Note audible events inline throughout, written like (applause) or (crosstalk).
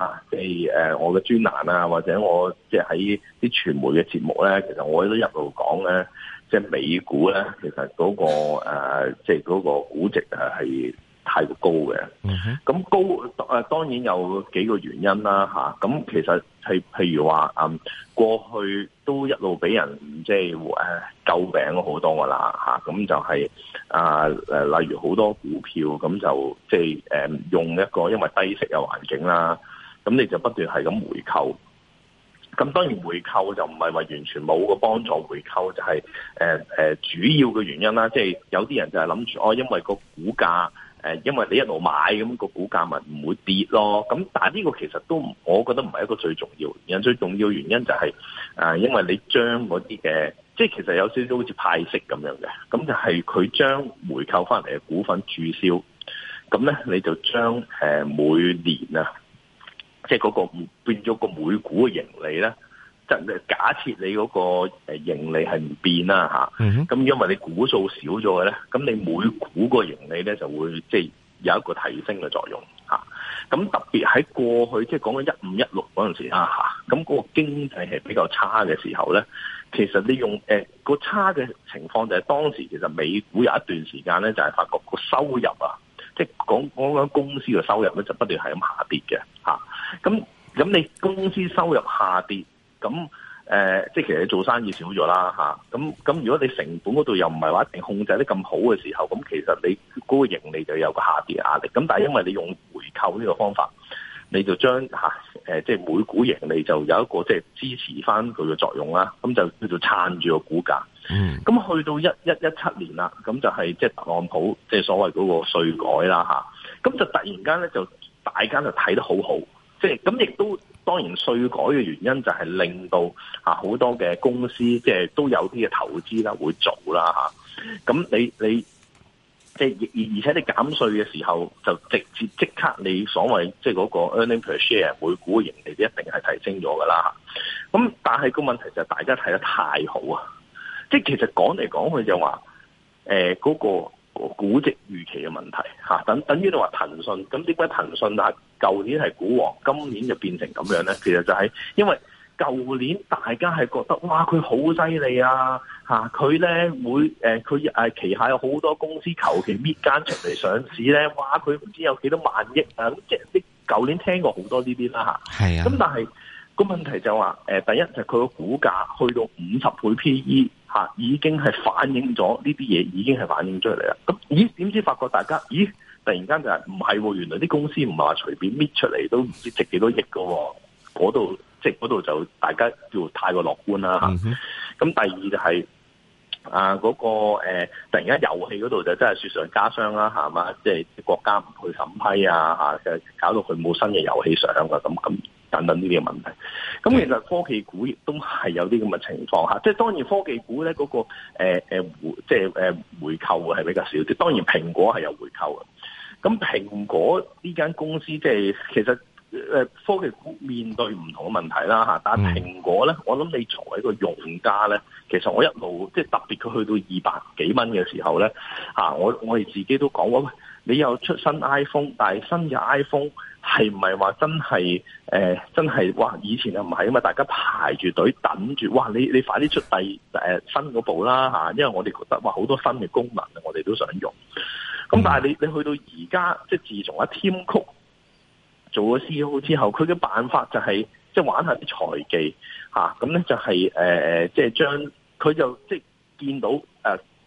啊，即係誒，我嘅專欄啊，或者我即係喺啲傳媒嘅節目咧，其實我都一路講咧，即、就、係、是、美股咧，其實嗰、那個即係嗰個估值誒係太過高嘅。咁高誒、啊、當然有幾個原因啦，嚇、啊、咁其實係譬如話誒，過去都一路俾人即係誒救命好多噶啦，嚇、啊、咁就係、是、啊誒，例如好多股票咁就即係誒用一個因為低息嘅環境啦。咁你就不斷係咁回購，咁當然回購就唔係話完全冇個幫助回。回購就係、係呃呃、主要嘅原因啦，即、就、係、係、有啲人就係諗住，哦，因為個股價、呃、因為你一路買咁、嗰個股價咪唔會跌咯。咁但呢個其實都唔，我覺得唔係一個最重要原因，最重要原因就係、係呃、因為你將嗰啲嘅，即係其實有少少好似派息咁樣嘅，咁就係佢將回購翻嚟嘅股份註銷，咁咧你就將、呃、每年啊。即係嗰、那個變咗個每股嘅盈利咧，就係假設你嗰個盈利係唔變啦嚇，咁、嗯、哼因為你股數少咗嘅咧，咁你每股個盈利咧就會即係有一個提升嘅作用嚇。咁、啊、特別喺過去即係講緊一五一六嗰陣時啊嚇，咁嗰個經濟係比較差嘅時候咧，其實你用誒、呃那個差嘅情況就係當時其實美股有一段時間咧就係、是、發覺個收入啊，即係講講緊公司嘅收入咧就不斷係咁下跌嘅嚇。啊。咁咁你公司收入下跌，咁誒、呃、即係其實你做生意少咗啦嚇，咁咁如果你成本嗰度又唔係話一定控制得咁好嘅時候，咁其實你嗰個盈利就有個下跌壓力。咁但係因為你用回購呢個方法，你就將、啊呃、即係每股盈利就有一個即係支持翻佢嘅作用啦，咁、啊、就叫做撐住個股價。嗯，咁去到一一一七年啦，咁就係、是、即特朗普即係所謂嗰個稅改啦嚇，咁、啊、就突然間咧就大家就睇得好好。即係咁，亦都當然稅改嘅原因就係令到啊好多嘅公司即係都有啲嘅投資啦，會做啦嚇。咁你你即係而而且你減稅嘅時候，就直接即刻你所謂即係嗰個 earning per share 每股盈利，就一定係提升咗噶啦。咁但係個問題就係大家睇得太好啊！即係其實講嚟講去就話誒嗰個。估值預期嘅問題嚇，等等於你話騰訊，咁點解騰訊啊？舊年係股王，今年就變成咁樣咧？其實就係因為舊年大家係覺得哇，佢好犀利啊佢咧、啊、會誒佢誒旗下有好多公司，求其搣間出嚟上市咧，哇！佢唔知有幾多萬億啊！即係你舊年聽過好多呢啲啦嚇。咁是、啊、但係個問題就話、呃、第一就係佢個股價去到五十倍 PE。吓、啊，已經係反映咗呢啲嘢，這些東西已經係反映出嚟啦。咁咦，點知發覺大家咦，突然間就唔、是、係、啊，原來啲公司唔係話隨便搣出嚟都唔知值幾多億噶、啊。嗰度值，嗰、就、度、是、就大家叫太過樂觀啦吓。咁、啊 mm hmm. 啊、第二就係、是、啊，嗰、那個誒、啊，突然間遊戲嗰度就真係雪上加霜啦，係、啊、嘛？即、啊、係、就是、國家唔去審批啊，吓、啊，搞到佢冇新嘅遊戲上噶咁咁。啊啊等等呢啲嘅問題，咁其實科技股亦都係有啲咁嘅情況嚇，即係當然科技股咧嗰個誒回即係誒回購會係比較少啲，當然蘋果係有回購嘅。咁蘋果呢間公司即係其實誒科技股面對唔同嘅問題啦嚇，但係蘋果咧，我諗你作為一個用家咧，其實我一路即係特別佢去到二百幾蚊嘅時候咧嚇，我我哋自己都講過。你有出新 iPhone，但係新嘅 iPhone 係唔係話真係誒、呃，真係話以前就唔係啊嘛，大家排住隊等住，哇！你你快啲出第誒、呃、新嗰部啦吓、啊，因為我哋覺得哇，好多新嘅功能我哋都想用。咁、嗯、但係你你去到而家，即係自從阿 Tim Cook 做咗 CEO 之後，佢嘅辦法就係即係玩下啲財技吓，咁咧就係誒，即係將佢就是呃、即係見到。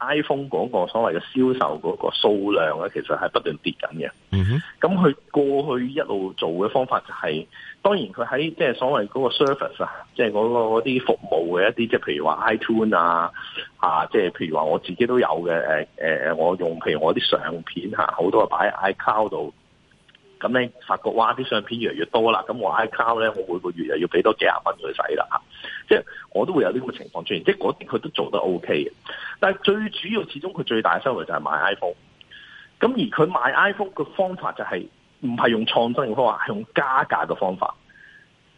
iPhone 嗰個所謂嘅銷售嗰個數量咧，其實係不斷跌緊嘅。咁佢、mm hmm. 過去一路做嘅方法就係、是，當然佢喺即係所謂嗰個 service 啊，即係嗰個嗰啲服務嘅一啲，即係譬如話 iTunes 啊，啊，即係譬如話我自己都有嘅、呃，我用譬如我啲相片嚇，好多係擺喺 iCloud 度。咁你發覺哇，啲相片越嚟越多啦，咁我 i c o 咧，我每個月又要俾多幾廿蚊佢使啦，即係我都會有呢個情況出現，即係嗰啲佢都做得 OK 嘅，但係最主要始終佢最大嘅收入就係買 iPhone，咁而佢買 iPhone 嘅方法就係唔係用創新嘅方法，係用加價嘅方法，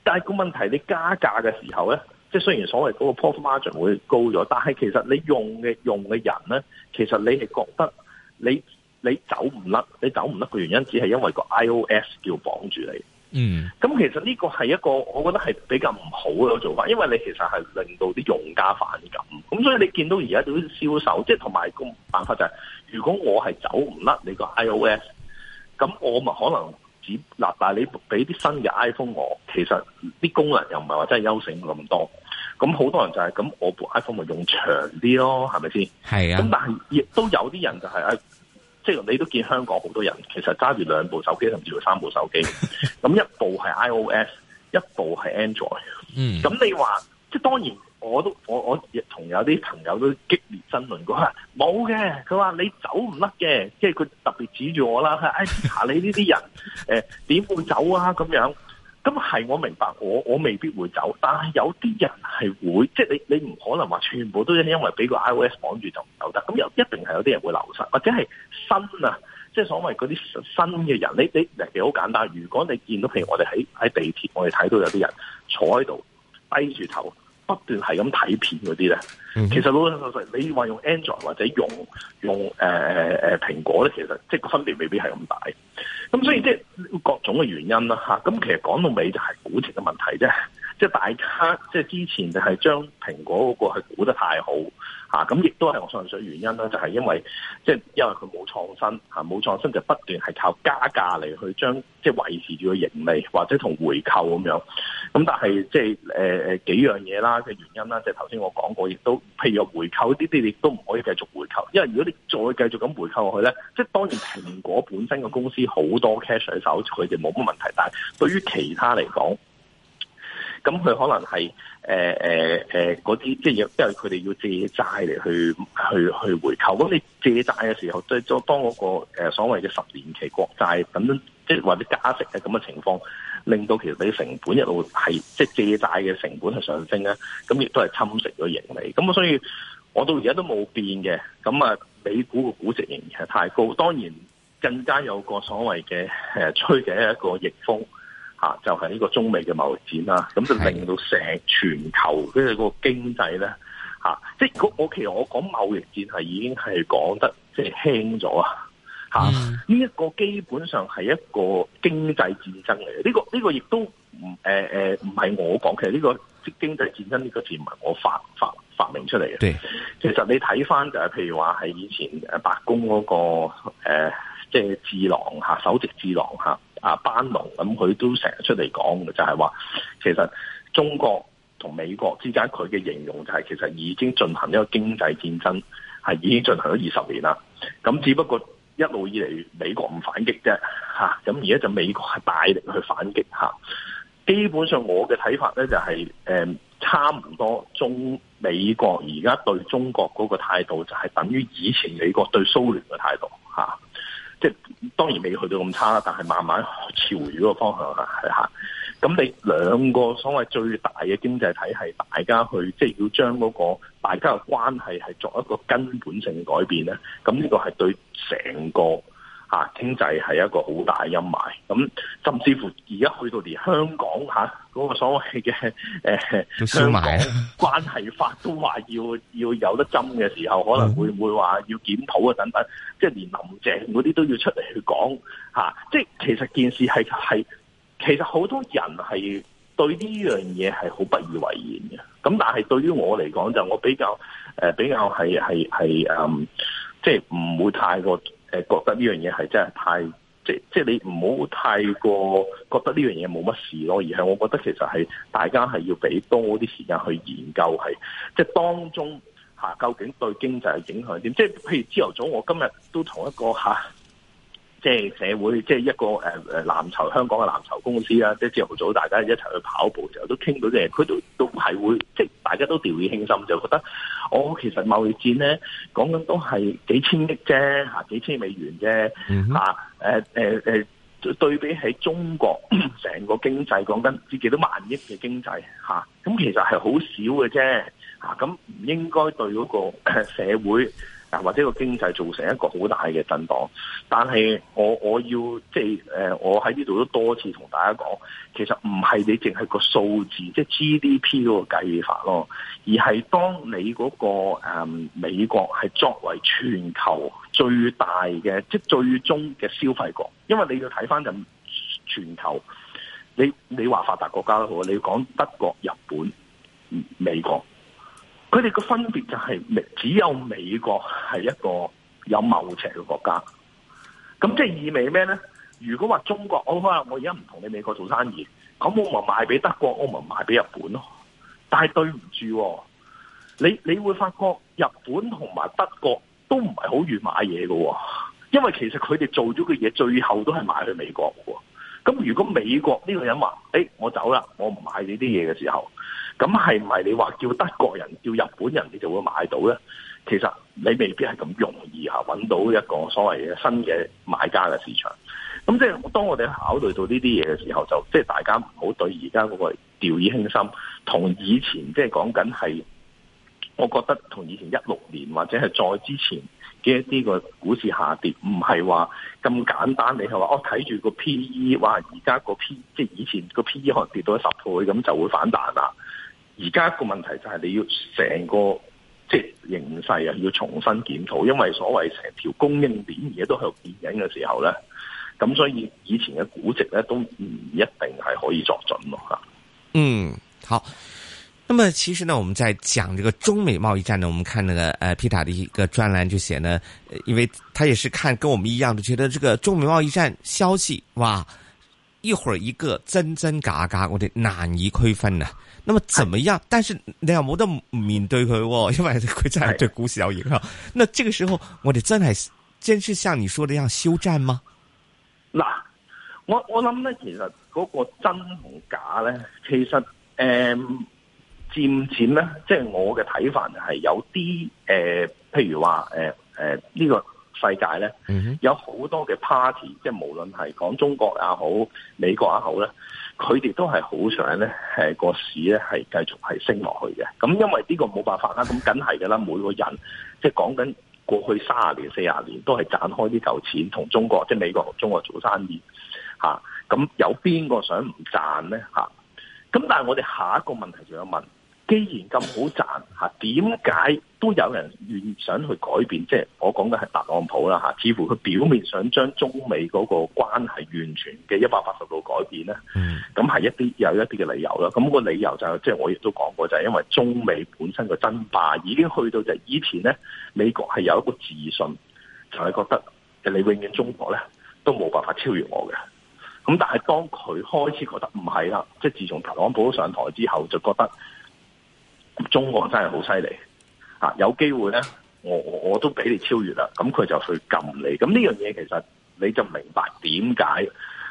但係個問題你加價嘅時候咧，即係雖然所謂嗰個 profit margin 會高咗，但係其實你用嘅用嘅人咧，其實你係覺得你。你走唔甩，你走唔甩嘅原因只係因為個 iOS 叫綁住你。嗯，咁其實呢個係一個，我覺得係比較唔好嘅做法，因為你其實係令到啲用家反感。咁所以你見到而家啲銷售，即係同埋個辦法就係、是，如果我係走唔甩你個 iOS，咁我咪可能只嗱、啊，但係你俾啲新嘅 iPhone 我，其實啲功能又唔係話真係優勝咁多。咁好多人就係、是、咁，我部 iPhone 咪用長啲咯，係咪先？係啊。咁但係亦都有啲人就係、是即係你都見香港好多人，其實揸住兩部手機，甚至乎三部手機，咁 (laughs) 一部係 iOS，一部係 Android。咁 (laughs) 你話，即係當然我，我都我我同有啲朋友都激烈爭論過。冇嘅，佢話你走唔甩嘅，即係佢特別指住我啦。佢哎，查你呢啲人，呃、點會走啊？咁樣。咁係、嗯、我明白，我我未必會走，但係有啲人係會，即係你你唔可能話全部都因因為俾個 iOS 綁住就唔走得，咁有一定係有啲人會流失，或者係新啊，即係所謂嗰啲新嘅人，你你好簡單，如果你見到譬如我哋喺喺地鐵，我哋睇到有啲人坐喺度低住頭。不斷係咁睇片嗰啲咧，其實老實老實，你話用 Android 或者用用誒、呃、蘋果咧，其實即係分別未必係咁大。咁所以即係各種嘅原因啦吓，咁其實講到尾就係估值嘅問題啫，即、就、係、是、大家即係、就是、之前就係將蘋果嗰個係估得太好。嚇，咁亦都係我上水原因啦，就係、是、因為即係、就是、因為佢冇創新冇、啊、創新就不斷係靠加價嚟去將即係、就是、維持住個盈利，或者同回購咁樣。咁但係即係誒幾樣嘢啦嘅原因啦，即係頭先我講過，亦都譬如話回購呢啲，亦都唔可以繼續回購。因為如果你再繼續咁回購落去咧，即、就、係、是、當然蘋果本身個公司好多 cash 手上，佢哋冇乜問題，但係對於其他嚟講。咁佢可能係誒誒誒嗰啲，即係佢哋要借債嚟去去去回購。咁你借債嘅時候，即當嗰個所謂嘅十年期國債，即係或者加息嘅咁嘅情況，令到其實你成本一路係即係借債嘅成本係上升咧，咁亦都係侵蝕咗盈利。咁所以我到而家都冇變嘅。咁啊，美股個估值仍然係太高，當然更加有個所謂嘅誒吹嘅一個逆風。啊，就係呢個中美嘅貿易戰啦，咁就令到成全球即係個經濟咧，吓的，即係我其實我講貿易戰係已經係講得即係輕咗啊，吓，呢一個基本上係一個經濟戰爭嚟嘅，呢個呢個亦都唔誒誒唔係我講，其實呢個即經濟戰爭呢個字唔係我發發發明出嚟嘅。的其實你睇翻就係譬如話係以前誒白宮嗰個誒即係智囊吓首席智囊吓，啊啊，班農咁佢都成日出嚟講嘅，就係話其實中國同美國之間佢嘅形容就係其實已經進行一個經濟戰爭，係已經進行咗二十年啦。咁只不過一路以嚟美國唔反擊啫，嚇，咁而家就美國係大力去反擊嚇。基本上我嘅睇法咧就係誒，差唔多中美國而家對中國嗰個態度就係等於以前美國對蘇聯嘅態度嚇。即係當然未去到咁差啦，但係慢慢朝住嗰個方向啦，係吓。咁你兩個所謂最大嘅經濟體係大家去即係、就是、要將嗰個大家嘅關係係作一個根本性嘅改變咧。咁呢個係對成個。啊，經濟係一個好大嘅陰霾，咁甚至乎而家去到連香港嚇嗰，啊嗰個所謂嘅誒，呃啊，香港關係法都話要要有得針嘅時候，可能會唔會話要檢討啊等等，嗯，即係連林鄭嗰啲都要出嚟去講嚇，啊。即係其實件事係係其實好多人係對呢樣嘢係好不以為然嘅。咁但係對於我嚟講就我比較誒，呃，比較係係係嗯，即係唔會太過。誒，覺得呢樣嘢係真係太即即係你唔好太過覺得呢樣嘢冇乜事咯，而係我覺得其實係大家係要俾多啲時間去研究係即係當中嚇究竟對經濟係影響點？即係譬如朝頭早，我今日都同一個嚇。即係社會，即係一個誒誒藍籌香港嘅藍籌公司啦，即係朝頭早大家一齊去跑步時候，都傾到啲佢都都係會，即大家都掉以輕心，就覺得我、哦、其實貿易戰咧講緊都係幾千億啫，嚇幾千美元啫，嚇對比喺中國成個經濟講緊幾幾多萬億嘅經濟咁、啊、其實係好少嘅啫，嚇、啊、咁唔應該對嗰、那個社會。或者個經濟造成一個好大嘅震盪，但係我我要即係誒，我喺呢度都多次同大家講，其實唔係你淨係個數字，即係 GDP 嗰個計法咯，而係當你嗰個誒美國係作為全球最大嘅，即係最終嘅消費國，因為你要睇翻就全球，你你話發達國家都好，你講德國、日本、美國。佢哋個分別就係只有美國係一個有貿赤嘅國家。咁即係意味咩咧？如果話中國，哦、可能我可我而家唔同你美國做生意，咁我咪賣俾德國，我咪賣俾日本咯。但係對唔住、哦，你你會發覺日本同埋德國都唔係好願買嘢嘅、哦，因為其實佢哋做咗嘅嘢，最後都係賣去美國嘅。咁如果美國呢個人話：誒、欸，我走啦，我唔買你啲嘢嘅時候，咁係唔係你話叫德國人、叫日本人，你就會買到咧？其實你未必係咁容易嚇、啊、揾到一個所謂嘅新嘅買家嘅市場。咁即係當我哋考慮到呢啲嘢嘅時候，就即係、就是、大家唔好對而家嗰個掉以輕心，同以前即係、就是、講緊係，我覺得同以前一六年或者係再之前。呢一啲個股市下跌，唔係話咁簡單。你係話我睇住個 P E，哇！而家個 P 即係以前個 P E 可能跌到一十倍，咁就會反彈啦。而家個問題就係你要成個即係形勢啊，要重新檢討，因為所謂成條供應鏈而家都喺度變緊嘅時候咧，咁所以以前嘅估值咧都唔一定係可以作準咯嚇。嗯，好。那麼其實呢，我們在講這個中美貿易戰呢，我們看那個呃皮塔的一個專欄就寫呢，因為他也是看跟我們一樣的，覺得這個中美貿易戰消息哇，一會兒一個真真假假，我哋難以區分呢、啊。那麼怎麼樣？哎、但是你有冇得面對佢？因為佢真係對股市有影響。是那這個時候，我哋真係真是像你說的樣休戰嗎？嗱，我我諗咧，其實嗰個真同假咧，其實誒。漸漸呢，即係我嘅睇法係有啲誒、呃，譬如話誒呢個世界呢，有好多嘅 party，即係無論係講中國也好、美國也好呢，佢哋都係好想呢個市呢，係繼續係升落去嘅。咁因為呢個冇辦法啦，咁梗係噶啦， (laughs) 每個人即係講緊過去三十年、四十年都係賺開啲嚿錢，同中國即係美國、同中國做生意嚇。咁、啊嗯、有邊個想唔賺咧嚇？咁、啊、但係我哋下一個問題仲有問。既然咁好賺，點解都有人願意想去改變？即係我講嘅係特朗普啦，似乎佢表面想將中美嗰個關係完全嘅一百八十度改變咧。咁係一啲有一啲嘅理由啦。咁個理由就係即係我亦都講過，就係因為中美本身個爭霸已經去到就以前咧，美國係有一個自信，就係覺得你永遠中國咧都冇辦法超越我嘅。咁但係當佢開始覺得唔係啦，即係自從特朗普上台之後，就覺得。中國真係好犀利，啊，有機會咧，我我都俾你超越啦，咁佢就去撳你，咁呢樣嘢其實你就明白點解、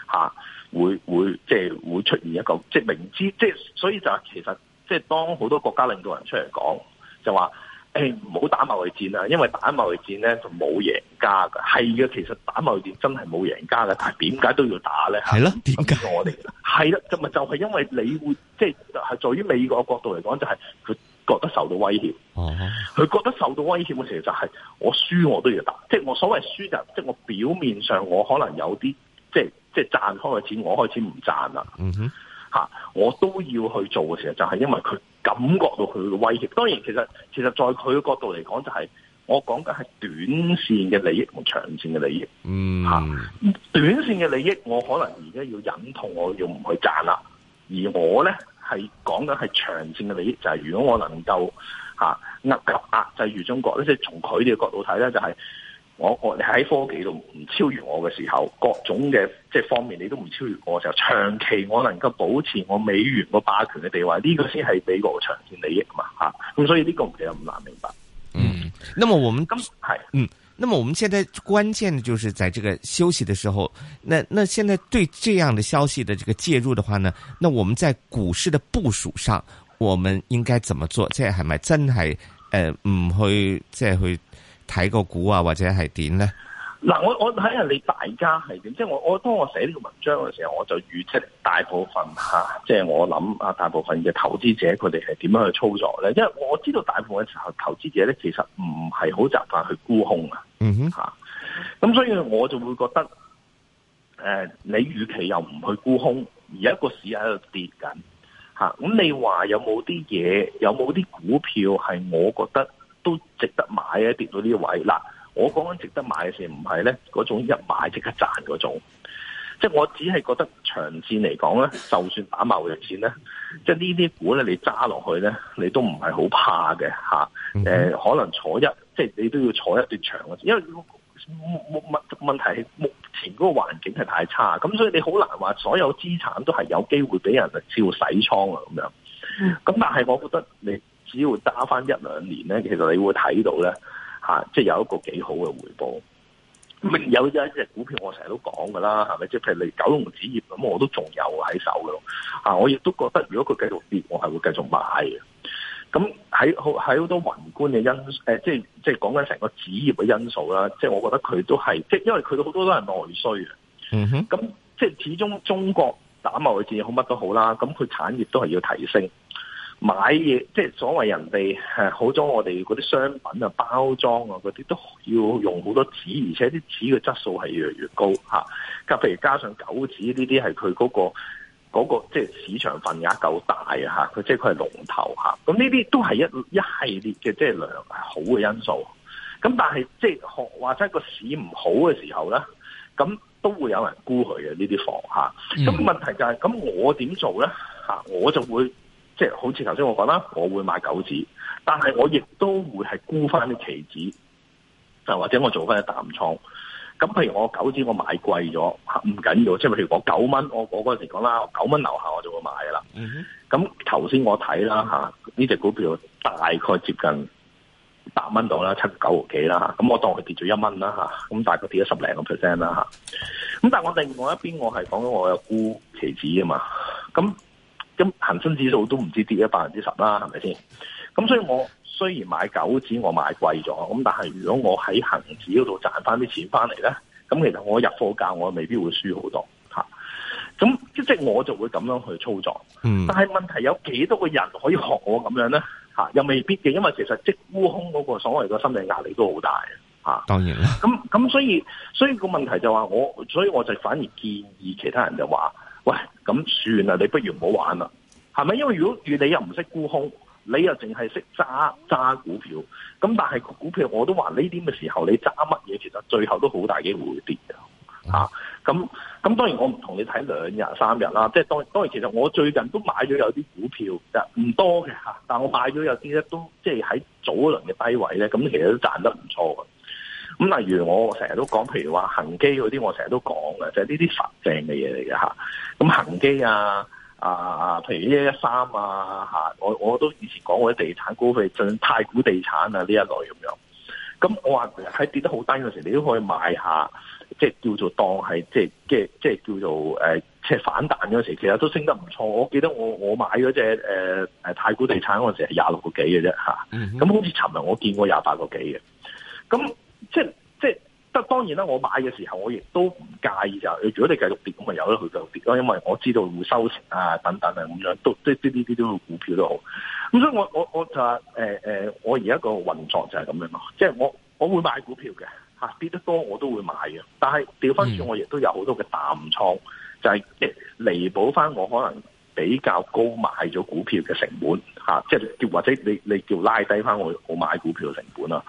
啊、會會即係會出現一個即係明知即係，所以就係其實即係當好多國家領導人出嚟講，就話誒唔好打貿易戰啊，因為打貿易戰咧就冇嘢。加嘅係嘅，其實打貿易戰真係冇贏家嘅，但係點解都要打咧？係咯，點解我哋？係啦，就咪就係因為你會即係喺在於美國嘅角度嚟講，就係佢覺得受到威脅。哦，佢覺得受到威脅嘅時候就係我輸我都要打，即係我所謂輸就即係我表面上我可能有啲即係即係賺開嘅錢，我開始唔賺啦。嗯哼，吓我都要去做嘅時候就係因為佢感覺到佢嘅威脅。當然其，其實其實在佢嘅角度嚟講就係。我講緊係短線嘅利益同長線嘅利益，吓、嗯啊、短線嘅利益我可能而家要忍痛，我要唔去賺啦。而我咧係講緊係長線嘅利益，就係、是，如果我能夠吓壓制，就係住中國，即係從佢哋嘅角度睇咧，就係、是，我我你喺科技度唔超越我嘅時候，各種嘅即係方面你都唔超越我嘅時候，長期我能夠保持我美元個霸權嘅地位，呢、這個先係美國嘅長線利益嘛，吓、啊、咁所以呢個其實唔難明白。那麼我們才嗯，那麼我們現在關鍵的就是在這個休息的時候，那那現在對這樣的消息的這個介入的話呢，那我們在股市的部署上，我們應該怎麼做？即係咪真係嗯，唔、呃、會再會睇個股啊，或者係點呢。嗱，我我睇下你大家係點，即係我我當我寫呢個文章嘅時候，我就預測大部分吓，即係我諗啊，就是、想大部分嘅投資者佢哋係點樣去操作咧？因為我知道大部分嘅投投資者咧，其實唔係好習慣去沽空、嗯、哼啊。吓，咁所以我就會覺得，誒、啊，你預期又唔去沽空，而一個市喺度跌緊，吓、啊，咁你話有冇啲嘢，有冇啲股票係我覺得都值得買一跌到呢個位啦。我講緊值得買嘅時唔係咧，嗰種一買即刻賺嗰種，即係我只係覺得長線嚟講咧，就算打貿易戰咧，即係呢啲股咧，你揸落去咧，你都唔係好怕嘅、啊呃、可能坐一即係你都要坐一段長嘅，因為問問題係目前嗰個環境係太差，咁所以你好難話所有資產都係有機會俾人嚟照洗倉啊咁樣。咁但係我覺得你只要揸翻一兩年咧，其實你會睇到咧。吓、啊，即係有一個幾好嘅回報。有有一隻股票我，我成日都講噶啦，係咪？即係譬如你九龍紙業咁，我都仲有喺手嘅。嚇、啊，我亦都覺得，如果佢繼續跌，我係會繼續買嘅。咁喺好喺好多宏觀嘅因誒、啊，即係即係講緊成個紙業嘅因素啦。即係我覺得佢都係，即係因為佢都好多都係內需嘅。嗯、哼。咁即係始終中國打貿易戰好乜都好啦，咁佢產業都係要提升。買嘢即係所謂人哋好咗我哋嗰啲商品包裝啊包裝啊嗰啲都要用好多紙，而且啲紙嘅質素係越嚟越高吓。咁、啊、譬如加上玖紙呢啲，係佢嗰個嗰、那個即係市場份額夠大啊吓，佢即係佢係龍頭吓。咁呢啲都係一一系列嘅即係良好嘅因素。咁、啊、但係即係或者個市唔好嘅時候咧，咁都會有人沽佢嘅呢啲房吓。咁、啊、問題就係、是、咁我點做咧吓？我就會。即係好似頭先我講啦，我會買九指，但係我亦都會係沽翻啲期指，或者我做翻一淡倉。咁譬如我九指我買貴咗，唔緊要，即係譬如我九蚊，我嗰陣時講啦，我九蚊樓下我就會買噶啦。咁頭先我睇啦吓，呢、啊、隻、這個、股票大概接近八蚊到啦，七九幾啦，咁我當佢跌咗一蚊啦吓，咁、啊啊嗯、大概跌咗十零個 percent 啦吓。咁、啊、但係我另外一邊我係講緊我有沽期指啊嘛，咁、啊。嗯咁恒生指數都唔知跌咗百分之十啦，係咪先？咁所以我雖然買九指，我買貴咗，咁但係如果我喺恒指嗰度賺翻啲錢翻嚟咧，咁其實我入貨價我未必會輸好多。吓，咁即係我就會咁樣去操作。嗯，但係問題有幾多個人可以學我咁樣咧？吓，又未必嘅，因為其實即沽空嗰個所謂嘅心理壓力都好大。吓，當然啦。咁咁所以所以個問題就話我，所以我就反而建議其他人就話。喂，咁算啦，你不如唔好玩啦，係咪？因為如果你又唔識沽空，你又淨係識揸揸股票，咁但係股票我都話呢啲嘅時候，你揸乜嘢，其實最後都好大機會跌嘅，吓、嗯。咁咁、啊、當然我唔同你睇兩日三日啦，即係、就是、當當然其實我最近都買咗有啲股票，唔多嘅吓，但我買咗有啲咧都即係喺早一輪輪嘅低位咧，咁其實都賺得唔錯。咁例如我成日都講，譬如話恒基嗰啲，我成日都講嘅，就係呢啲實淨嘅嘢嚟嘅吓。咁恒基啊，啊啊，譬如一一三啊吓、啊，我我都以前講嗰啲地產股，譬如像太古地產啊呢一類咁樣。咁我話喺跌得好低嗰時，你都可以買下，即係叫做當係，即係即係即係叫做誒、呃，即係反彈嗰時，其實都升得唔錯。我記得我我買嗰隻誒誒太古地產嗰時係廿六個幾嘅啫吓，咁、啊、好似尋日我見過廿八個幾嘅，咁。即係即係，當然啦！我買嘅時候，我亦都唔介意就，如果你繼續跌咁咪由得佢繼續跌咯，因為我知道會收成啊等等啊咁樣，都即係啲啲啲都股票都好。咁所以我我我就係誒誒，我而家個運作就係咁樣咯。即係我我會買股票嘅吓，跌得多我都會買嘅。但係調翻轉，我亦都有好多嘅淡倉，就係即係彌補翻我可能比較高買咗股票嘅成本吓，即係或者你你叫拉低翻我我買股票嘅成本啊。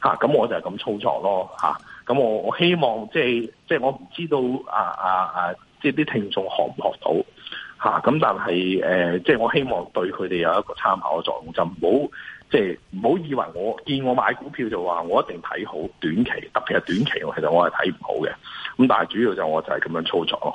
咁、啊、我就係咁操作咯，咁、啊、我我希望即係即係我唔知道啊啊啊！即係啲聽眾學唔學到咁、啊、但係、呃、即係我希望對佢哋有一個參考嘅作用，就唔好即係唔好以為我見我買股票就話我一定睇好短期，特別係短期，其實我係睇唔好嘅。咁但係主要就我就係咁樣操作咯。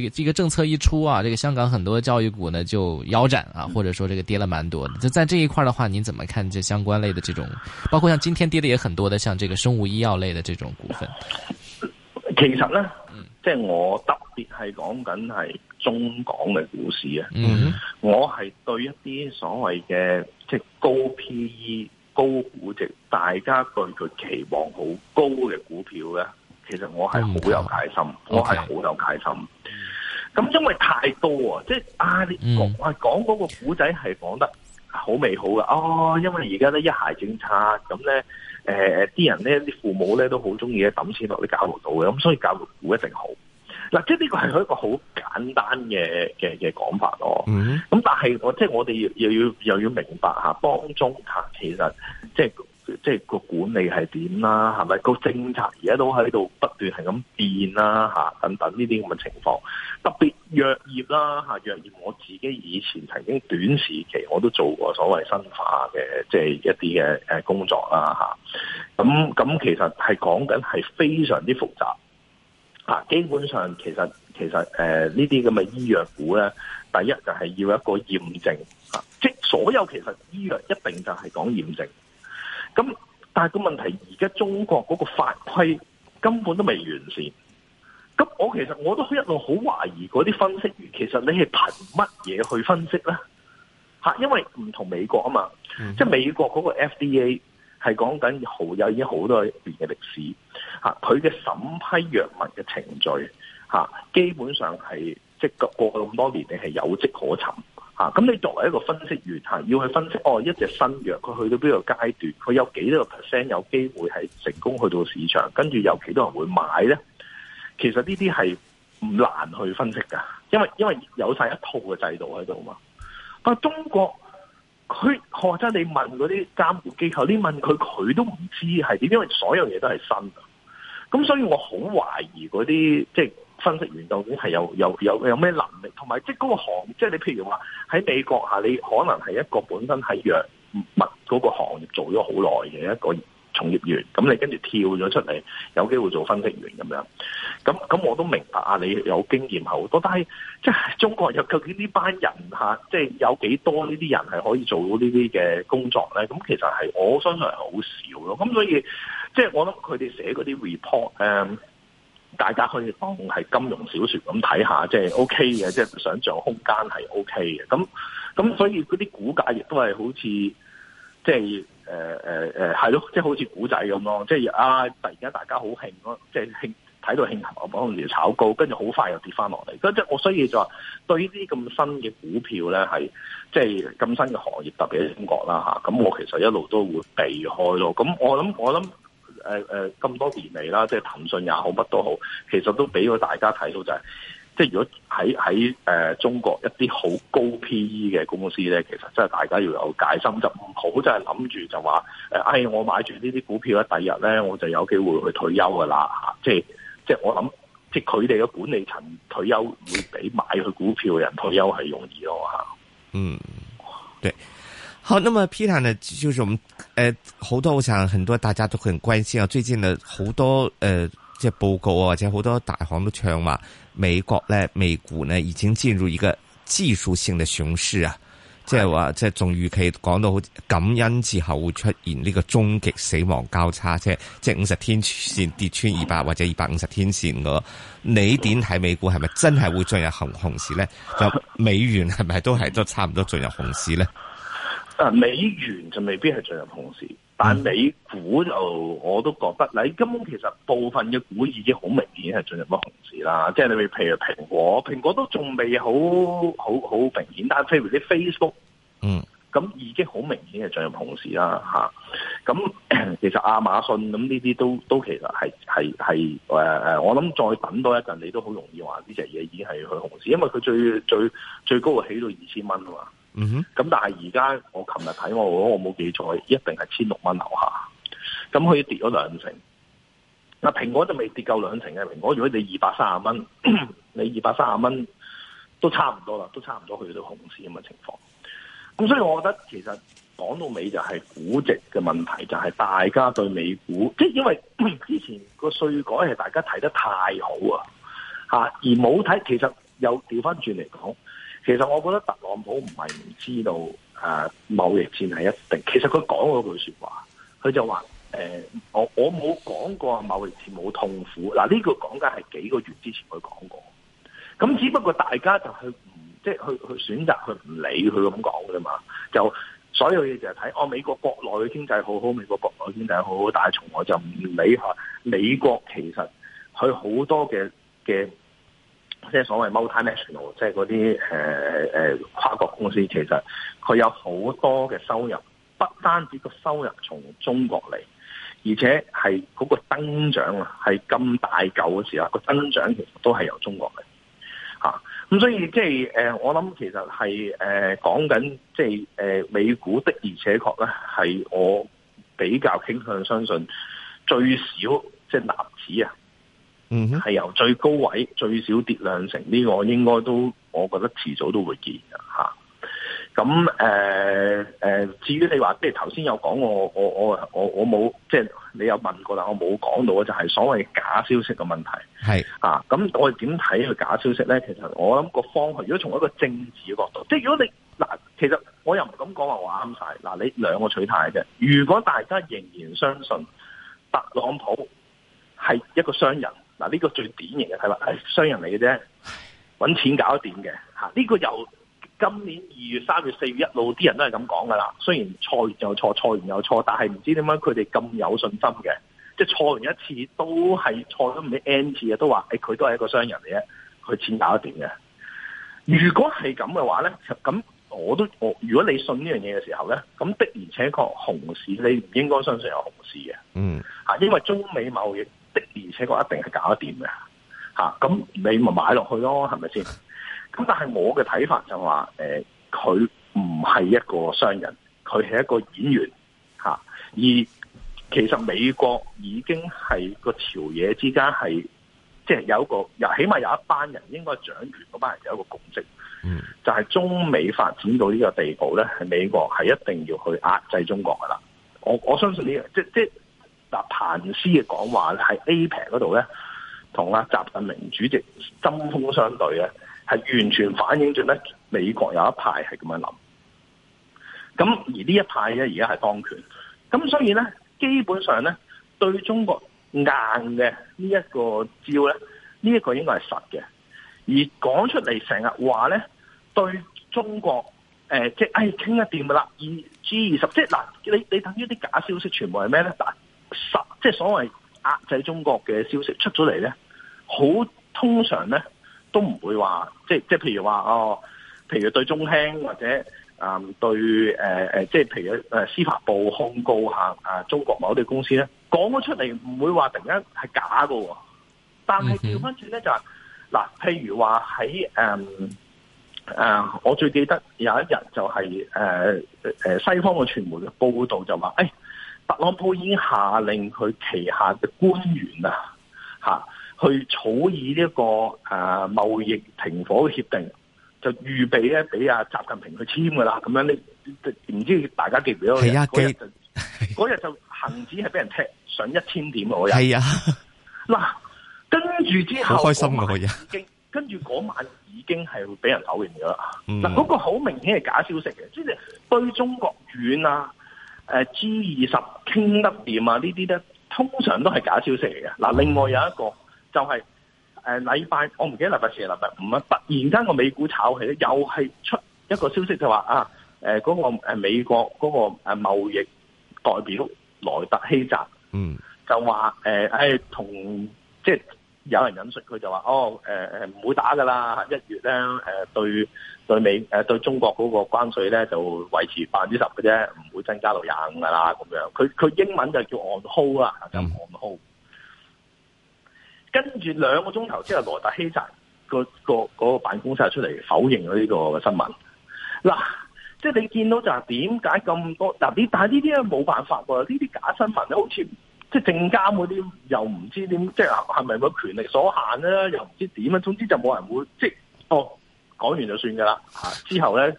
這個政策一出啊，這個香港很多教育股呢就腰斬啊，或者說這個跌了蠻多的。就在這一塊的話，你怎麼看這相關類的這種，包括像今天跌的也很多的，像這個生物醫藥類的這種股份？其實呢，嗯、即係我特別係講緊係中港嘅股市啊。嗯哼，我係對一啲所謂嘅即係高 PE、高估值、大家對佢期望好高嘅股票呢，其實我係好有戒心，嗯、我係好有戒心。okay. 咁因為太多啊，即係啊，你講嗰、啊、個古仔係講得好美好嘅，哦，因為而家咧一孩政策，咁咧誒啲人咧，啲父母咧都好中意咧抌錢落啲教育度嘅，咁所以教育股一定好。嗱、啊 mm hmm.，即係呢個係佢一個好簡單嘅嘅嘅講法咯。咁但係我即係我哋要又要又要明白嚇，當中其實即係。即係個管理係點啦，係咪個政策而家都喺度不斷係咁變啦，吓，等等呢啲咁嘅情況，特別藥業啦，吓，藥業我自己以前曾經短時期我都做過所謂新化嘅，即係一啲嘅誒工作啦，吓，咁咁其實係講緊係非常之複雜，吓，基本上其實其實誒呢啲咁嘅醫藥股咧，第一就係要一個驗證吓，即所有其實醫藥一定就係講驗證。咁，但係個問題，而家中國嗰個法規根本都未完善。咁我其實我都一路好懷疑嗰啲分析員，其實你係憑乜嘢去分析咧？吓，因為唔同美國啊嘛，嗯、即係美國嗰個 FDA 係講緊好有已經好多年嘅歷史。吓，佢嘅審批藥物嘅程序，吓，基本上係即係過去咁多年，你係有跡可尋。咁、啊、你作為一個分析員嚇，要去分析哦一隻新藥，佢去到邊個階段，佢有幾多個 percent 有機會係成功去到市場，跟住有幾多人會買咧？其實呢啲係唔難去分析噶，因為因為有晒一套嘅制度喺度嘛。不過中國佢學者，你問嗰啲監管機構，你問佢，佢都唔知係點，因為所有嘢都係新㗎。咁所以我好懷疑嗰啲即係。分析員究竟係有有有有咩能力，同埋即係嗰個行業，即係你譬如話喺美國，你可能係一個本身喺藥物嗰個行業做咗好耐嘅一個從業員，咁你跟住跳咗出嚟，有機會做分析員咁樣，咁咁我都明白你有經驗好多，但係即係中國又究竟呢班人嚇，即係有幾多呢啲人係可以做到呢啲嘅工作咧？咁其實係我相信係好少咯。咁所以即係我諗佢哋寫嗰啲 report 大家可以當係金融小說咁睇下，即係 O K 嘅，即係想像空間係 O K 嘅。咁咁所以嗰啲估價亦都係好似即係誒誒誒，係咯，即係好似古仔咁咯。即係啊，突然間大家好興咯，即係興睇到興頭，我當時炒高，跟住好快又跌翻落嚟。即係我所以就話對呢啲咁新嘅股票咧，係即係咁新嘅行業，特別係中國啦吓，咁我其實一路都會避開咯。咁我諗我諗。誒誒，咁、呃、多年嚟啦，即係騰訊也好，乜都好，其實都俾咗大家睇到就係、是，即係如果喺喺誒中國一啲好高 P E 嘅公司咧，其實真係大家要有戒心，就唔好真係諗住就話誒，哎我買住呢啲股票咧，第日咧我就有機會去退休噶啦，即係即係我諗，即係佢哋嘅管理層退休，會比買佢股票嘅人退休係容易咯吓，嗯，對。好，那麼 Peter 呢，就是我誒、呃、好多，我想很多大家都很關心啊。最近呢好多誒、即、呃、係報告啊，或者好多大行都唱話，美國咧，美股呢已經進入一個技術性嘅熊市啊。即係話，即係仲預期講到感恩之後會出現呢個終極死亡交叉，即係即係五十天線跌穿二百或者二百五十天線咯。你點睇美股係咪真係會進入紅熊市咧？就美元係咪都係都差唔多進入熊市咧？美元就未必係進入熊市，但係美股就我都覺得，你根本其實部分嘅股已經好明顯係進入咗熊市啦。即係你譬如蘋果，蘋果都仲未好好好明顯，但係譬如啲 Facebook，嗯，咁已經好明顯係進入熊市啦。嚇，咁其實亞馬遜咁呢啲都都其實係係係誒誒，我諗再等多一陣，你都好容易話呢隻嘢已經係去熊市，因為佢最最最高啊起到二千蚊啊嘛。嗯，咁但係而家我琴日睇我我冇記錯，一定係千六蚊樓下，咁佢跌咗兩成。嗱，蘋果就未跌夠兩成嘅，蘋果如果你二百三十蚊，你二百三十蚊都差唔多啦，都差唔多去到熊市咁嘅情況。咁所以我覺得其實講到尾就係估值嘅問題，就係、是、大家對美股，即係因為咳咳之前個稅改係大家睇得太好啊，吓而冇睇，其實又調翻轉嚟講。其實我覺得特朗普唔係唔知道誒、啊，貿易戰係一定。其實佢講嗰句說話，佢就話誒、呃，我我冇講過貿易戰冇痛苦。嗱、啊、呢、這個講緊係幾個月之前佢講過，咁只不過大家就去唔即係去去，去選擇去唔理佢咁講噶嘛。就所有嘢就係睇哦，美國國內嘅經濟好好，美國國內嘅經濟好好，但係從來就唔理吓、啊、美國其實佢好多嘅嘅。的即係所謂 multinational，即係嗰啲、呃呃、跨國公司，其實佢有好多嘅收入，不單止個收入從中國嚟，而且係嗰個增長啊，係咁大嚿嘅時候，個增長其實都係由中國嚟。咁、啊、所以即、就、係、是呃、我諗其實係、呃、講緊即係美股的確確，而且確咧係我比較傾向相信最少即係、就是、納指啊。嗯，係由最高位最少跌兩成，這個，呢個應該都，我覺得遲早都會見㗎吓。咁誒至於你話，即係頭先有講過我我我我我冇，即係你有問過啦，我冇講到嘅就係所謂假消息嘅問題係啊。咁我哋點睇佢假消息咧？其實我諗個方向，如果從一個政治嘅角度，即係如果你嗱，其實我又唔敢講話話啱晒——嗱，你兩個取態啫。如果大家仍然相信特朗普係一個商人。嗱，呢個最典型嘅睇法係商人嚟嘅啫，揾錢搞得掂嘅嚇。呢、這個由今年二月、三月、四月一路啲人都係咁講噶啦。雖然錯完又錯，錯完又錯，但係唔知點解佢哋咁有信心嘅，即係錯完一次都係錯咗唔知 n 次啊，都話誒佢都係、哎、一個商人嚟嘅，佢錢搞得掂嘅。如果係咁嘅話咧，咁我都我如果你信呢樣嘢嘅時候咧，咁的而且確熊市，你唔應該相信有熊市嘅。嗯，嚇，因為中美貿易。的，一定是搞定的，而且佢一定係搞得掂嘅，吓，咁你咪買落去咯，係咪先？咁但係我嘅睇法就話，誒、呃，佢唔係一個商人，佢係一個演員，吓、啊。而其實美國已經係個朝野之間係，即、就、係、是、有一個，又起碼有一班人應該掌權嗰班人有一個共識，嗯，就係中美發展到呢個地步咧，美國係一定要去壓制中國噶啦。我我相信呢，即即。嗱，彭斯嘅講話係 A 平嗰度咧，同習近平主席針鋒相對啊，係完全反映住咧美國有一派係咁樣諗。咁而呢一派咧，而家係當權。咁所以咧，基本上咧，對中國硬嘅呢一個招咧，呢、這、一個應該係實嘅。而講出嚟成日話咧，對中國即係唉傾一掂㗎啦，二 G 二十，即係嗱，你你等於啲假消息全部係咩咧？嗱。即係所謂壓制中國嘅消息出咗嚟咧，好通常咧都唔會話，即係即係譬如話哦，譬如對中興或者啊、嗯、對誒、呃、即係譬如誒司法部控告下啊、呃、中國某啲公司咧講咗出嚟，唔會話突然間係假喎。但係調翻轉咧就係、是、嗱，譬如話喺誒誒，我最記得有一日就係、是、誒、呃呃、西方嘅傳媒報道就話特朗普已經下令佢旗下嘅官員、這個、啊，吓去草擬呢一個誒貿易停火協定，就預備咧俾阿習近平去簽噶啦。咁樣你唔知大家記唔記得那？記啊嗰日就恒指係俾人踢上一千點我啊。日。係啊，嗱，跟住之後好開心那已經 (laughs) 跟住嗰晚已經係會俾人炒完嘢啦。嗱、嗯，嗰個好明顯係假消息嘅，即、就、係、是、對中國軟啊。誒 G 二十傾得掂啊！呢啲咧通常都係假消息嚟嘅。嗱，另外有一個就係、誒、禮拜，我唔記得禮拜四、禮拜五，突然間個美股炒起咧，又係出一個消息就話啊嗰、嗰個美國嗰個貿易代表萊特希澤就嗯就話同即係。有人引述佢就話哦，誒誒唔會打噶啦，一月咧誒、呃、對對美誒、呃、對中國嗰個關稅咧就維持百分之十嘅啫，唔會增加到廿五噶啦咁樣。佢佢英文就叫 on hold 啦，就 on hold。跟住兩個鐘頭之後，羅特希澤個個嗰個辦公室出嚟否認咗呢個新聞。嗱，即係你見到就係點解咁多？嗱，啲但呢啲咧冇辦法喎，呢啲假新聞好似。即係政監嗰啲又唔知點，即係係咪個權力所限咧？又唔知點啊！總之就冇人會即係哦講完就算噶啦。之後咧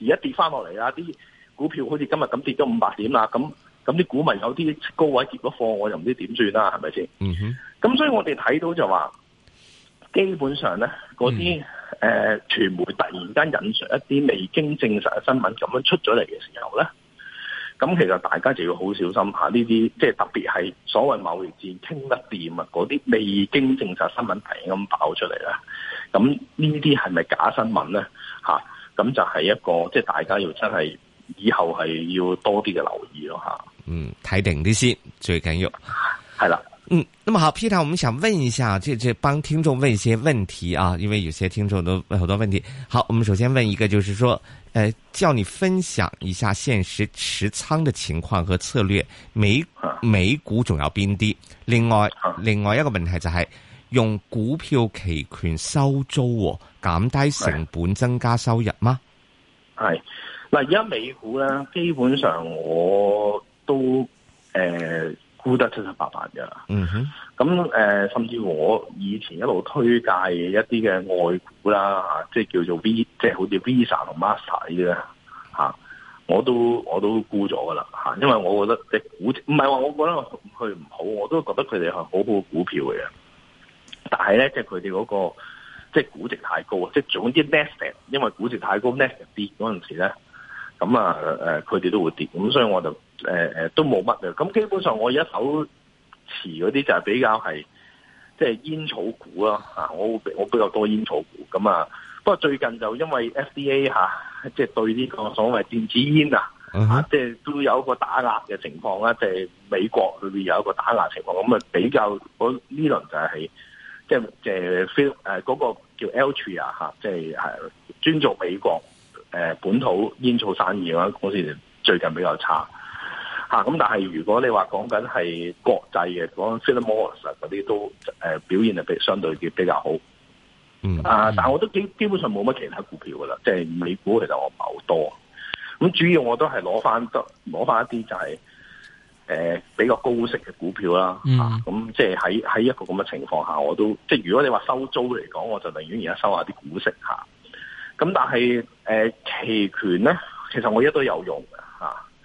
而家跌翻落嚟啦，啲股票好似今日咁跌咗五百點啦。咁咁啲股民有啲高位接咗貨，我又唔知點算啦，係咪先？嗯哼、mm。咁、hmm. 所以我哋睇到就話，基本上咧嗰啲誒傳媒突然間引述一啲未經證實嘅新聞咁樣出咗嚟嘅時候咧。咁其實大家就要好小心下呢啲，即係特別係所謂貿易戰傾得掂，啊，嗰啲未經政策新聞突然咁爆出嚟啦。咁呢啲係咪假新聞咧？吓，咁就係一個，即係大家要真係以後係要多啲嘅留意咯，吓。嗯，睇定啲先最緊要。係啦的，嗯。咁好，Peter，我們想問一下，即係幫聽眾問一些問題啊，因為有些聽眾都問好多問題。好，我們首先問一個，就是說。誒、呃，叫你分享一下現時持倉的情況和策略。美美股仲有邊啲？另外，另外一個問題就係、是、用股票期權收租，減低成本，增加收入嗎？係嗱，而家美股咧，基本上我都誒，呃沽得七七八八嘅，咁誒、嗯哼呃，甚至我以前一路推介嘅一啲嘅外股啦、啊，即係叫做 V，即係好似 Visa 同 Master 嘅，嚇、啊，我都我都沽咗噶啦，嚇、啊，因為我覺得啲估值，唔係話我覺得佢唔好，我都覺得佢哋係好好股票嘅，但係咧，即係佢哋嗰個即係估值太高，即係總之，Nasdaq 因為估值太高 Nasdaq 跌嗰陣時咧，咁啊誒，佢、呃、哋都會跌，咁所以我就。誒誒、呃、都冇乜嘅。咁基本上我一手持嗰啲就係比較係即係煙草股啦、啊，吓我我比較多煙草股咁啊。不過最近就因為 FDA 吓、啊，即、就、係、是、對呢個所謂電子煙啊吓即係都有個打壓嘅情況啦、啊。即、就、係、是、美國裏面有一個打壓情況，咁、嗯、啊比較我呢輪就係即係即係非誒嗰個叫 Altria 即係係專做美國誒、啊、本土煙草生意嘅公司，最近比較差。吓咁、嗯，但係如果你話講緊係國際嘅嗰個 Philip Morris 嗰啲都誒、呃、表現係比相對嘅比較好。嗯、呃、啊，但係我都基基本上冇乜其他股票噶啦，即係美股其實我唔係好多。咁主要我都係攞翻得攞翻一啲就係、是、誒、呃、比較高息嘅股票啦。吓咁、嗯，即係喺喺一個咁嘅情況下，我都即係、就是、如果你話收租嚟講，我就寧願而家收下啲股息吓。咁但係誒期權咧，其實我一都有用。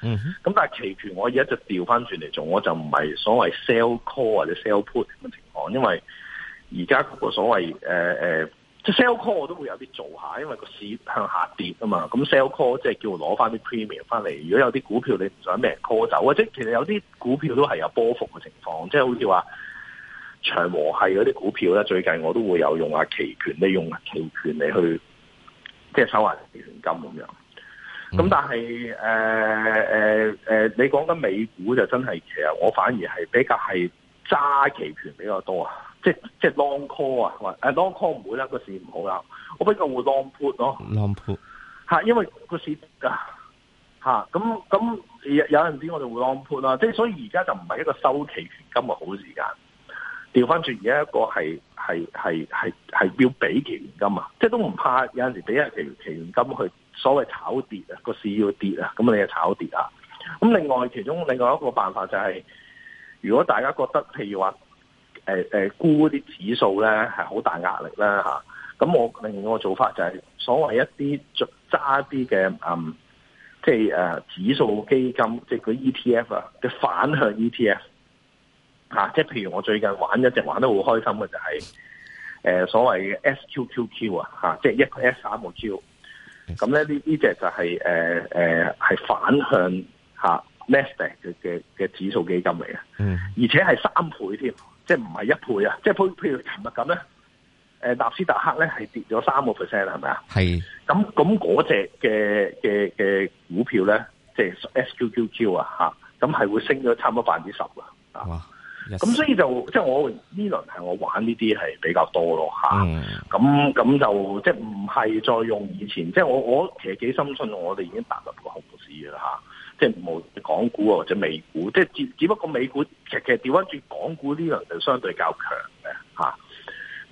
嗯，咁但係期權我而家就調翻轉嚟做，我就唔係所謂 sell call 或者 sell put 咁嘅情況，因為而家嗰個所謂誒誒，即 sell call 我都會有啲做下，因為個市向下跌啊嘛，咁 sell call 即係叫攞翻啲 premium 翻嚟。如果有啲股票你唔想俾人 call 走或者其實有啲股票都係有波幅嘅情況，即係好似話長和係嗰啲股票咧，最近我都會有用，期權用期權去下期權，你用期權嚟去即係收下啲現金咁樣。咁、嗯、但係誒誒誒，你講緊美股就真係，其實我反而係比較係揸期權比較多啊，即係即係 long call 啊、呃，誒 long call 唔會啦，個市唔好啦，我比較會 long put 咯。long put 吓，因為個市啊吓，咁咁有有陣時我就會 long put 啦，即係所以而家就唔係一個收期權金嘅好時間。調翻轉而家一個係係係係係要畀期權金啊，即係都唔怕有陣時畀一期期，期權金去。所謂炒跌啊，個市要跌啊，咁你就炒跌啊。咁另外其中另外一個辦法就係、是，如果大家覺得譬如話，誒誒沽啲指數咧係好大壓力啦，嚇、啊，咁我另外一個做法就係、是、所謂一啲揸啲嘅嗯，即係誒、呃、指數基金，即係個 ETF 啊，嘅反向 ETF 嚇、啊，即係譬如我最近玩一隻玩得好開心嘅就係、是、誒、呃、所謂嘅 SQQQ 啊嚇，即係一個 S 三個 Q。咁咧呢呢隻就係誒誒係反向嚇 Nasdaq 嘅嘅嘅指數基金嚟嘅，嗯，而且係三倍添，即係唔係一倍啊？即係譬譬如尋日咁咧，誒納斯達克咧係跌咗三個 percent 係咪啊？係，咁咁嗰隻嘅嘅嘅股票咧，即係 SQQQ 啊嚇，咁係會升咗差唔多百分之十㗎，咁 Yes. 所以就即係我呢輪係我玩呢啲係比較多咯吓，咁咁、mm. 啊、就即係唔係再用以前，即係我我其實幾深信我哋已經踏入個熊市嘅啦吓，即係冇港股或者美股，即係只只不過美股其實掉翻轉港股呢輪就相對較強嘅吓，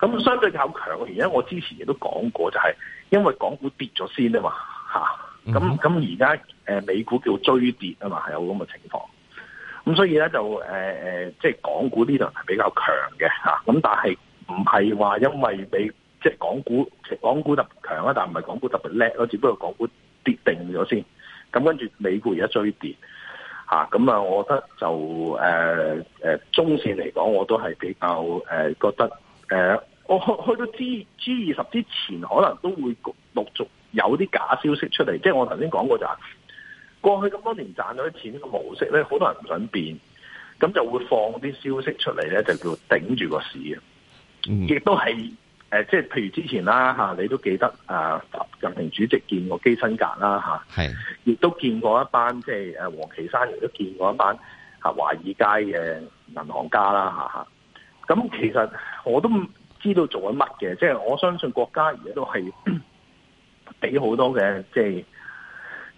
咁、啊、相對較強嘅原因，我之前亦都講過，就係因為港股跌咗先啊嘛吓，咁咁而家誒美股叫追跌啊嘛，係有咁嘅情況。咁所以咧就誒、呃、即係港股呢度係比較強嘅，咁、啊、但係唔係話因為美即係港股，港股特別強啦，但唔係港股特別叻咯，我只不過港股跌定咗先。咁跟住美股而家追跌咁啊，我覺得就誒、呃、中線嚟講，我都係比較誒、呃、覺得誒、呃，我去去到 G20 之前，可能都會陸續有啲假消息出嚟，即係我頭先講過就係、是。過去咁多年賺咗啲錢嘅模式咧，好多人唔想變，咁就會放啲消息出嚟咧，就叫頂住個市啊！亦、嗯、都係誒，即、呃、係譬如之前啦吓，你都記得誒，習、呃、近平主席見過基辛格啦吓，係是，亦都見過一班即係誒，王岐山亦都見過一班吓華爾街嘅銀行家啦吓吓。咁、啊、其實我都知道做緊乜嘅，即係我相信國家而家都係俾好多嘅即係。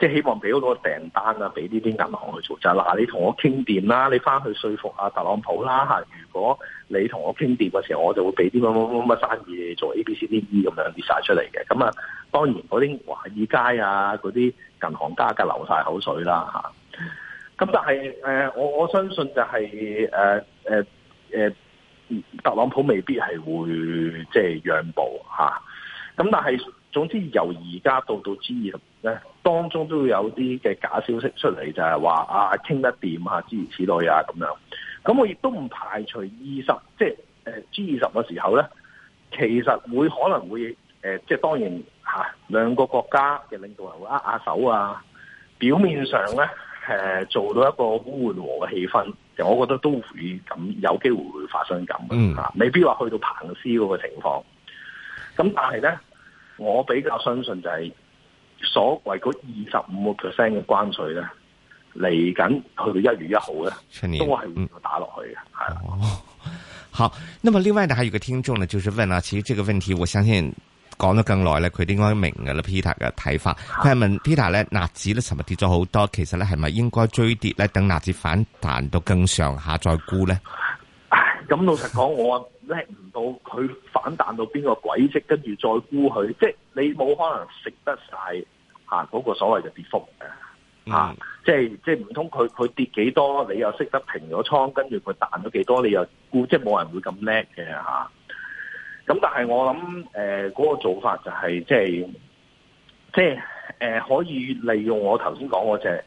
即係希望俾到個訂單啊，俾呢啲銀行去做就嗱，你同我傾掂啦，你翻去說服阿特朗普啦嚇。如果你同我傾掂嘅時候，我就會俾啲乜乜乜生意做 A B C D E 咁樣跌晒出嚟嘅。咁啊，當然嗰啲華爾街啊，嗰啲銀行家嘅流晒口水啦嚇。咁但係誒，我我相信就係誒誒誒，特朗普未必係會即係讓步嚇。咁、啊、但係總之由而家到到之二。咧，當中都會有啲嘅假消息出嚟，就係、是、話啊傾得掂啊諸如此類啊咁樣。咁我亦都唔排除二十，即係誒 G 二十嘅時候咧，其實會可能會誒，即、呃、係、就是、當然嚇、啊、兩個國家嘅領導人會握握手啊，表面上咧誒、啊、做到一個好緩和嘅氣氛，其實我覺得都會咁有機會會發生咁啊，未必話去到彭斯嗰個情況。咁但係咧，我比較相信就係、是。所謂嗰二十五個 percent 嘅關稅咧，嚟緊去到一月一號咧，都係會打落去嘅。係、嗯哦、好。那麼另外咧，還有個聽眾呢，就是問啊，其實這個問題，我相信講得更耐咧，佢應該明嘅啦。Peter 嘅睇法，佢問 Peter 呢，納指呢尋日跌咗好多，其實呢係咪應該追跌咧？等納指反彈到更上下再沽呢？咁、啊、老實講，我叻唔到佢反彈到邊個軌跡，跟住再沽佢，即係你冇可能食得晒。啊！嗰個所謂嘅跌幅嘅，即係即係唔通佢，佢跌幾多，你又識得平咗倉，跟住佢彈咗幾多，你又估，即係冇人會咁叻嘅吓。咁但係我諗呃嗰個做法就係即係即係可以利用我頭先講嗰隻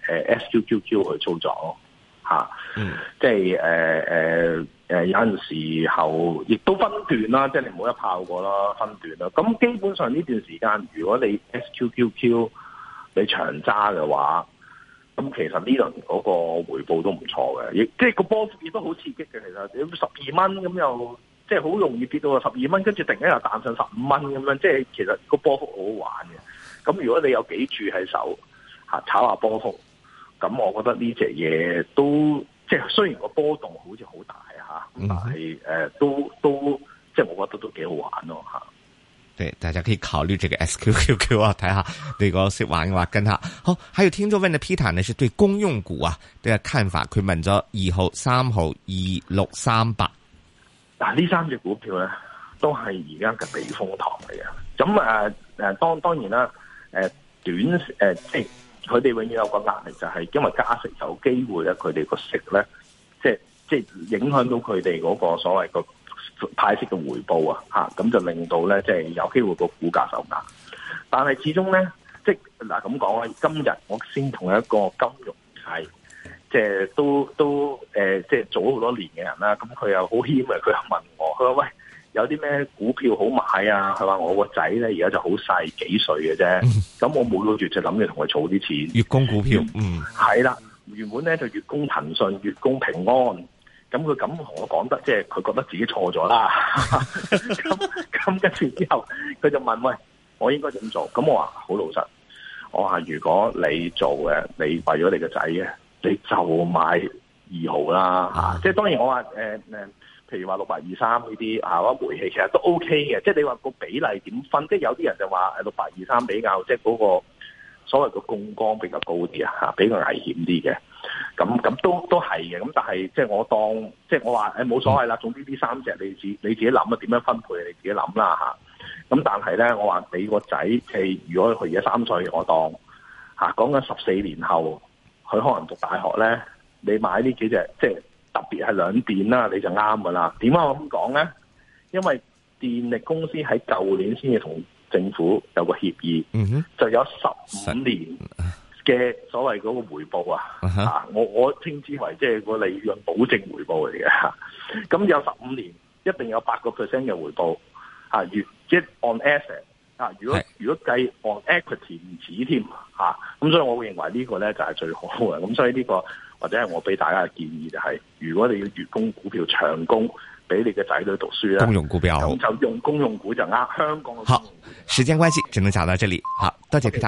SQQQ 去操作咯吓，嗯，即係、呃呃、有陣時候亦都分段啦，即係你冇一炮過啦，分段啦。咁基本上呢段時間，如果你 SQQQ 你長揸嘅話，咁其實呢輪嗰個回報都唔錯嘅，亦即係個波幅亦都好刺激嘅。其實點十二蚊咁又，即係好容易跌到啊十二蚊，跟住突然間又彈上十五蚊咁樣，即係其實個波幅好好玩嘅。咁如果你有幾注喺手嚇、啊、炒下波幅，咁我覺得呢隻嘢都即係雖然個波動好似好大嚇、啊，但係誒、啊、都都即係我覺得都幾好玩咯嚇。啊。對，大家可以考慮這個 SQQQ 啊，睇下，你個識玩嘅話，跟下。好，還有聽眾問的 PETA 呢，是對公用股啊，嘅看法，佢問咗二號、三號、二六三八。嗱，呢三隻股票咧，都係而家嘅避風塘嚟嘅。咁誒誒，當當然啦，誒、啊、短誒、啊，即係佢哋永遠有個壓力，就係、是、因為加息有機會咧，佢哋個息咧，即係即係影響到佢哋嗰個所謂個。派息嘅回報啊，嚇咁就令到咧、就是，即係有機會個股價受壓。但係始終咧，即係嗱咁講啦。今日我先同一個金融界，即、就、係、是、都都誒，即、呃、係、就是、做咗好多年嘅人啦。咁佢又好謙，佢又問我，佢話：喂，有啲咩股票好買啊？佢話：我個仔咧而家就好細，幾歲嘅啫。咁我每個月就諗住同佢儲啲錢。月供股票，嗯，係啦。原本咧就月供騰訊，月供平安。咁佢咁同我講得，即係佢覺得自己錯咗啦。咁咁跟住之後，佢就問：喂，我應該點做？咁我話好老實，我話如果你做誒，你為咗你個仔嘅，你就買二號啦嚇。即係當然我話呃，譬如話六百二三呢啲啊，嗰啲煤氣其實都 OK 嘅。即係你話個比例點分，即係有啲人就話誒六百二三比較，即係嗰個。所謂個槓桿比較高啲啊，嚇比較危險啲嘅，咁咁都都係嘅，咁但係即係我當，即係我話誒冇所謂啦，總之呢三隻你自你自己諗啊，點樣分配你自己諗啦嚇。咁、啊、但係咧，我話你個仔係如果佢而家三歲，我當嚇、啊、講緊十四年後，佢可能讀大學咧，你買呢幾隻即係特別係兩電啦，你就啱噶啦。點解我咁講咧？因為電力公司喺舊年先至同。政府有個協議，嗯、哼就有十五年嘅所謂嗰個回報，嗯、哼啊！我我稱之為即係個利潤保證回報嚟嘅嚇。咁有十五年一定有八個 percent 嘅回報啊！月即係 on asset 啊，如果如果計 on equity 唔止添嚇。咁是、啊、所以我會認為呢個咧就係最好嘅。咁所以呢、呢個或者係我俾大家嘅建議就係、是，如果你要月供股票長供。給你仔女讀書，公用股票就用公用股就，呃、香港。好，時間關係只能講到這裏，好，多謝 Peter。